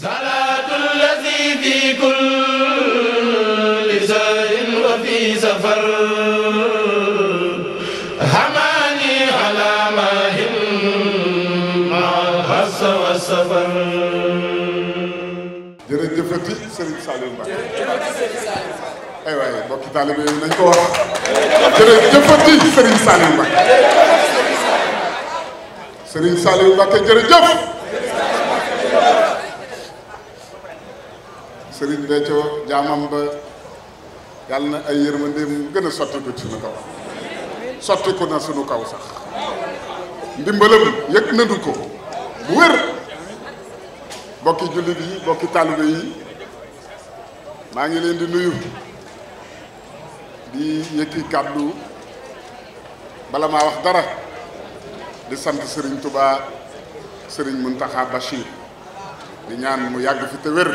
صلاة الذي في كل سهر وفي سفر حماني على ماهن مع الحس والسفر jërëjëfati Serigne Saliou Mbacké ay waay mbokki taalibe yi nañ ko wax jërëjëfati Serigne Saliou Mbacké Serigne Saliou Mbacké jërëjëf sëriñ Béthio jaamam ba yàlla na ay yërmandeem gën a sottiku sunu kaw sottiku na sunu kaw sax ndimbalam yëg nanu ko bu wér bokki jullit yi bokki taalibe yi maa ngi leen di nuyu di yëkki kàddu bala maa wax dara di sant sëriñ Touba sëriñ Mountakha Bachir di ñaan mu yàgg fi te wér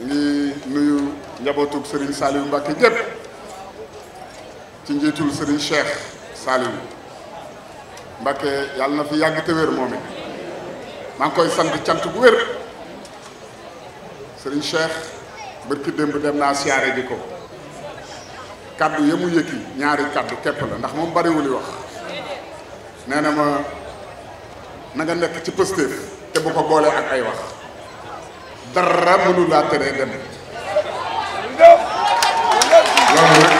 ngi nuyu njabootug Serigne Saliou Mbacke ñëpp ci njiitul sëriñ Cheikh Saliou Mbacke yàlla na fi yàgg te wér moom it maa ngi koy sant cant bu wér Serigne Cheikh ki démb dem naa siyaare ji ko kaddu yamu yëkki ñaari kaddu képp la ndax moom bariwul wax nee na ma na nekk ci pëstéef te bu ko boolee ak ay wax dara mënu laa teree dem loolu nag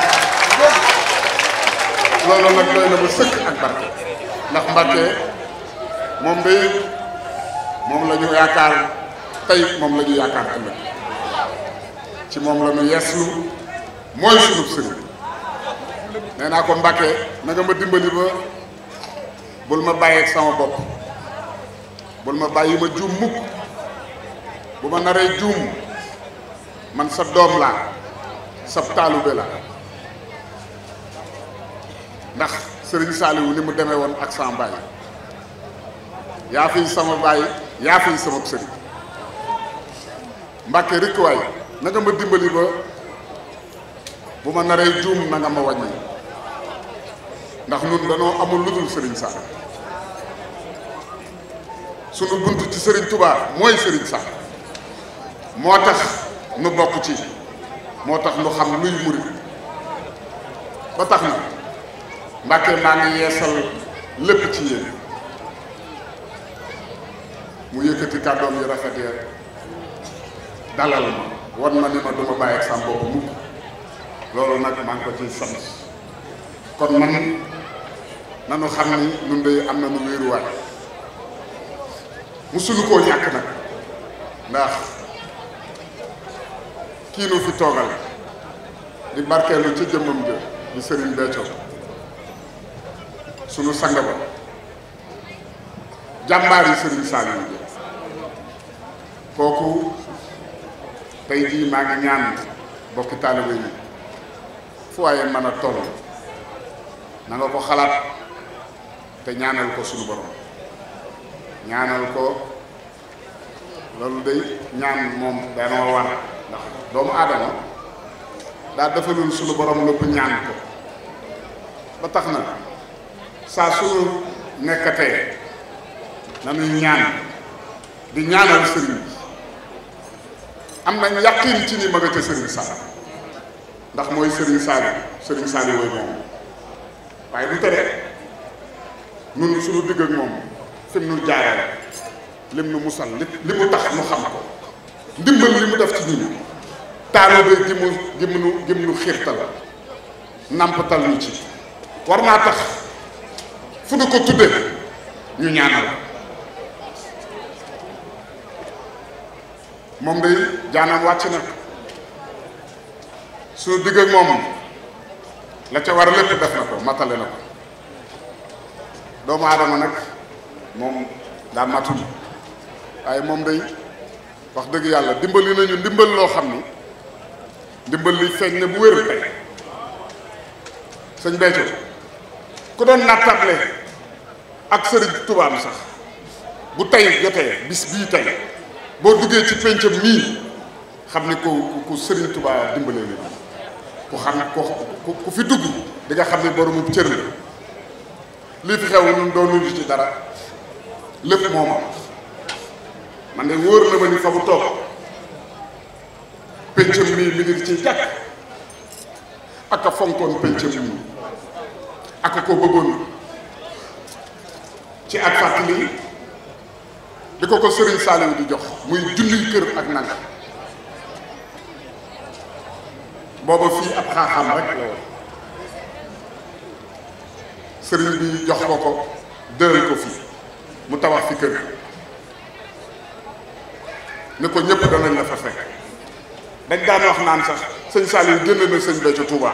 loolu nag doy na bu sëkk ak barke ndax Mbàkke moom bi moom la ñu yaakaar tey moom la ñu ci moom la ñu yeeslu ko na nga ma dimbali ba bul ma sama bopp bul ma bàyyi ma mukk bu ma naree juum man sa doom laa sab taalube la ndax sëriñ Saaliwu ni mu demee woon ak sama baay yaa fiy sama baay yaa fiy sama sëriñ mbàkke rikk waay na nga ma dimbali ba bu ma naree juum na nga wañ wàññi ndax nun danoo amul lu sëriñ Saaliw sunu bunt ci sëriñ Tuubaa mooy sëriñ Saaliw moo tax nu bokk ci moo tax nu xam luy murit ba tax na Mbàkke maa ngi yeesal lépp ci yéen mu yëkkati kàddoom yi rafet ya dalal ma wan ma ni ma duma bàyyi ak sam loolu nag maa ngi ko ci sant kon man nanu xam ni nun de am na nu wéeruwaay mu sunu koo ñàkk nag ndax kii nu fi toogal di barkeelu ci jëmmam jë di Serigne Béthio sunu sang ba jàmbaar yi Serigne Saliou jë kooku tey jii maa ngi ñaan bokki taalibe yi fu waaye mën a toll na ko xalaat te ñaanal ko sunu borom ñaanal ko loolu day ñaan moom daanoo war ndax doomu aadama daa defalul suñu borom lu ñaan ko ba tax na saa suñu nekkatee nañu ñaan di ñaanal sëriñ bi am nañ yàqin ci ni ma nga ca sëriñ Sall ndax mooy sëriñ Sall sëriñ Sall wooy moom waaye du tere nun suñu digg ak moom fi mu nu jaarale lim nu musal li li mu tax mu xam ko ndimbal li mu def ci ñun taalibe gi mu gi mu xiirtal nampatal ñu ci war naa tax fu nu ko tudde ñu ñaanal moom day jaanam wàcc na suñu digg moom la ca war lépp def na ko matale na ko doomu aadama nag moom daa matul waaye moom day wax dëgg yàlla dimbali nañu ndimbal loo xam ni ndimbal li feeñ na bu wér tey sëñ Béthio ku doon nattable ak sëriñ tubaab sax bu tey jotee bis bii tey boo duggee ci pencam mii xam ni ku ku sëriñ tubaab dimbalee la ku xam ku ku fi dugg di xam ni boromu cër la lii fi xew doonu ci dara lépp moomam man de wóor na ma ni fa mu toog pencam mii mi ngi ci jàkk ak a fonkoon pencam mii ak a ko bëggoon ci ak fàttali di ko ko Serigne Saliou di jox muy julli kër ak nanga booba fii ab xaaxaam rek la woon jox ko ko dëral ko fii mu tabax fi kër ni ko ñëpp danañ la fa dañ daan wax naan sax sëñ Saliou jënd na sëñ Béthio Touba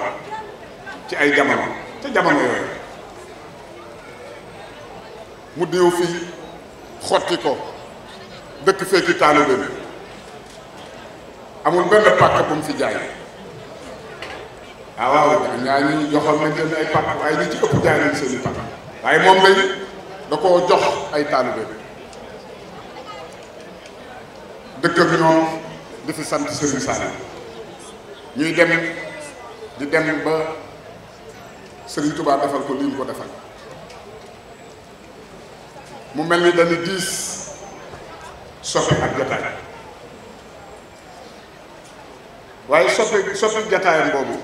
ci ay jamono ca jamono yooyu mu diw fii xotti ko dëkk fekki taalibe bi amul benn pàkk bu fi jaay ah waaw ñaa ñu joxoon nañ leen ay pàkk waaye ñi ci ëpp jaay nañ seen i waaye moom lañ da koo jox ay taalibe dëkk ak ñoom di fi sant Serigne Saliou ñuy dem di dem ba Serigne Touba defal ko li ñu ko defal mu mel ni dañu diis soppe ak jataay waaye soppe soppe jataayam boobu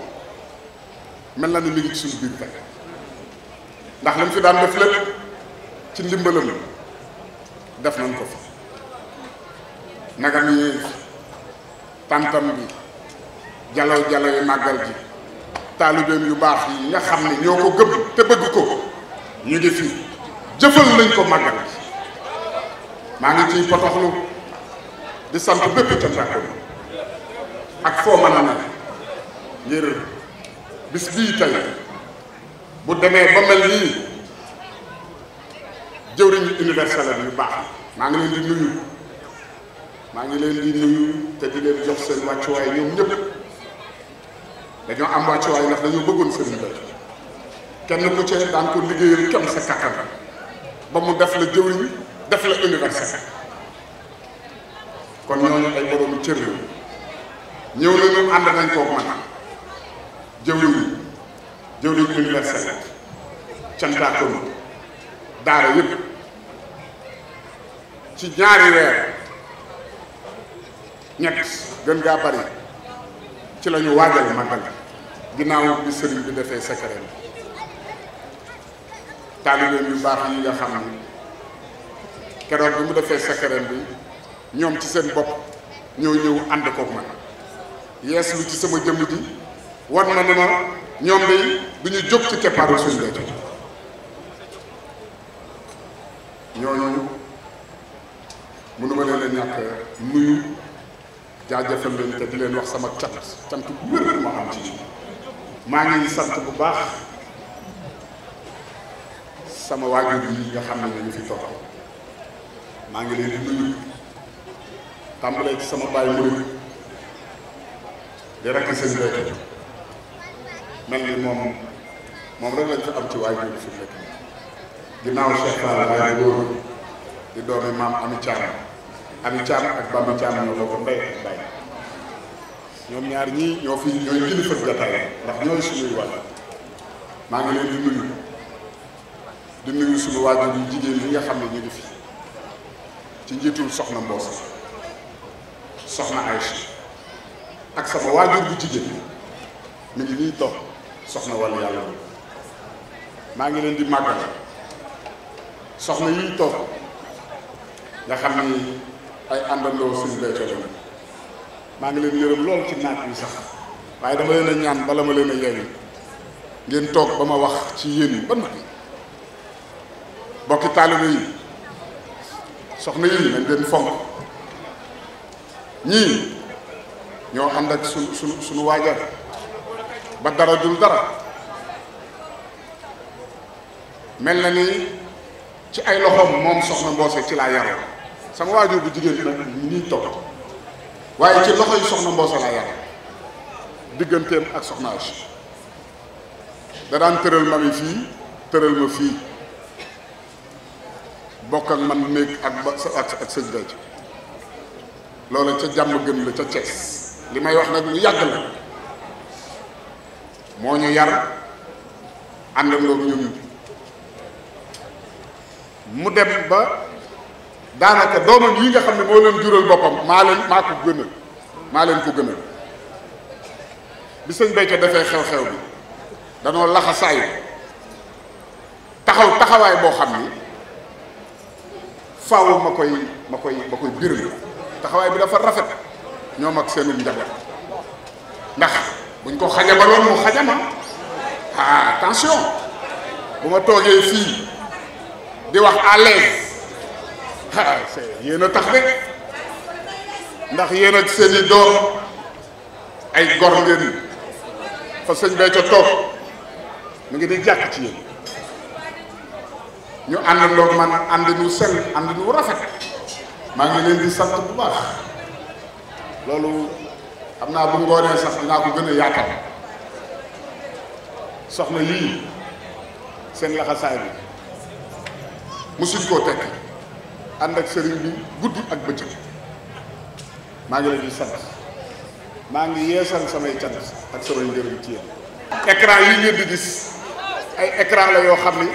mel na ni mi ngi ci suñu biir tey ndax li fi daan def lépp ci ndimbalam def nañ ko fi. nagam mi tàntam bi jalaw jalawi màggal ji taalibeem yu baax yi nga xam ne ñoo ko gëm te bëgg ko ñu ngi fi jëfal nañ ko màggal ji maa ngi ciy potoxlu di sant bépp cantakoon ak foo mën a na ngir bis bii tey bu demee ba mel nii jëwriñu universel yu baax maa ngi leen di nuyu maa ngi leen di nuyu te di leen jox seen wàccuwaay ñoom ñëpp dañoo am wàccuwaay ndax dañoo bëggoon sëriñ bi kenn ku ci daan ko liggéeyal kem sa kattan ba mu def la jëwriñ def la université kon ñooñu ay borom cër la ñëw nañu ànd nañ koo man jëwriñ jëwriñ université cantaakoon daara yëpp ci ñaari weer ñett gën ga bari ci la ñu waajal màggal ginnaaw bi sëriñ bi defee secret taalibe ñu baax ñu nga xam ni kéro bi mu defee secret bi ñom ci seen bop ñoo ñew and ko man yees lu ci sama jëm di war na na ñom day du ñu jóg ci keppaaru ñoo ñu mënuma leen ñak nuyu jaajëfal leen te di leen wax sama cant cant bu wér ma am ci maa ngi sant bu baax sama waajur yi nga xam ne ñu fi toog maa ngi leen di nuyu tàmbalee ci sama bàyyi murit di rakk seen béykat mel ni moom moom rek lañ fi am ci waajur yi fi nekk ginnaaw Cheikh Fall waaye góor di doomi maam Ami Thiam ami cham ak bambi cham ñoo bokk ndey ak bay ñaar ñi ñoo fi ñooy kilifa jotaay ndax ngi leen di nuyu di nuyu suñu yi nga ñu fi ci njiitul soxna mboos soxna Aïcha ak sama waajur bu jigéen mi ngi nii toog soxna ngi leen di màggal soxna yi toog nga xam ay andando suñu ci yi ma ngi leen yërëm lool ci naat bi sax waaye dama leen a ñaan bala ma leen a yeewi ngeen toog ba ma wax ci yéen yi ba noppi bokki taalibe yi soxna yi nañ leen fonk ñii ñoo ànd ak suñu suñu suñu waajal ba dara dul dara mel na ni ci ay loxoom moom soxna Mboose ci laa yaroo sama waajur bu jigéen bi nag nii toog waaye ci loxo yi soxna Mboosa laa yàlla digganteem ak soxna Asi da daan tëral ma mi fii tëral ma fii bokk man néeg ak ba ak sëñ Béthio loola ca jàmm gën la ca Cees li may wax nag mu yàgg la moo ñu yar àndandoo ñun mu dem ba danaka doom yi nga xamne mo leen jural bopam ma leen ma ko gënal ma leen ko gënal bi sëñ Béthio defee xew-xew bi da no danoo laxasaayu taxaw taxaway bo xamni faaw ma koy ma koy ma koy biral taxawaay bi dafa rafet ñom ak seenum njaboot ndax buñ ko xajabaloon mu xajama ah attention buma ma fi di wax à l'aise ah yéen a tax rek ndax yéen a seen i doom ay gor ngeen fa sëñ ca toog mu ngi di jàkk ci yéen ñu àndandoo man ànd ñu sell ànd ñu rafet maa ngi leen di sant bu baax loolu xam naa bu ngoonee sax dinaa ko gën a yaatal soxna yii seen laxasaay bi musuñ koo tekk ànd ak sëriñ bi guddi ak bëccëg maa ngi leen di sant maa ngi yeesal samay cant ak samay njëriñ ci yéen écran yi ngeen di gis ay écran la yoo xam ni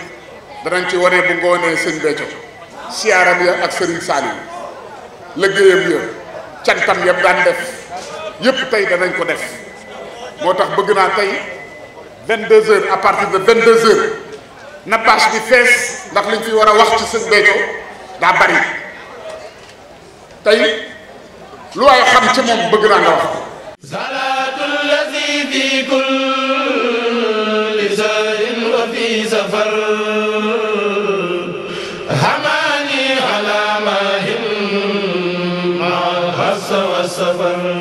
danañ ci wane bu ngoonee sëñ Béthio siyaaram ya ak sëriñ Saliou liggéeyam ya cantam yam daan def yëpp tey danañ ko def moo tax bëgg naa tey 22 heures à partir de 22 heures na bâche bi fees ndax liñ fi war a wax ci sëñ Béthio daa bari tey lu waaye xam ci moom bëgg naa nga wax ko salaatul lazi fi kulli sahrin wa fi safar hamani ala mahin ma al xas wa safar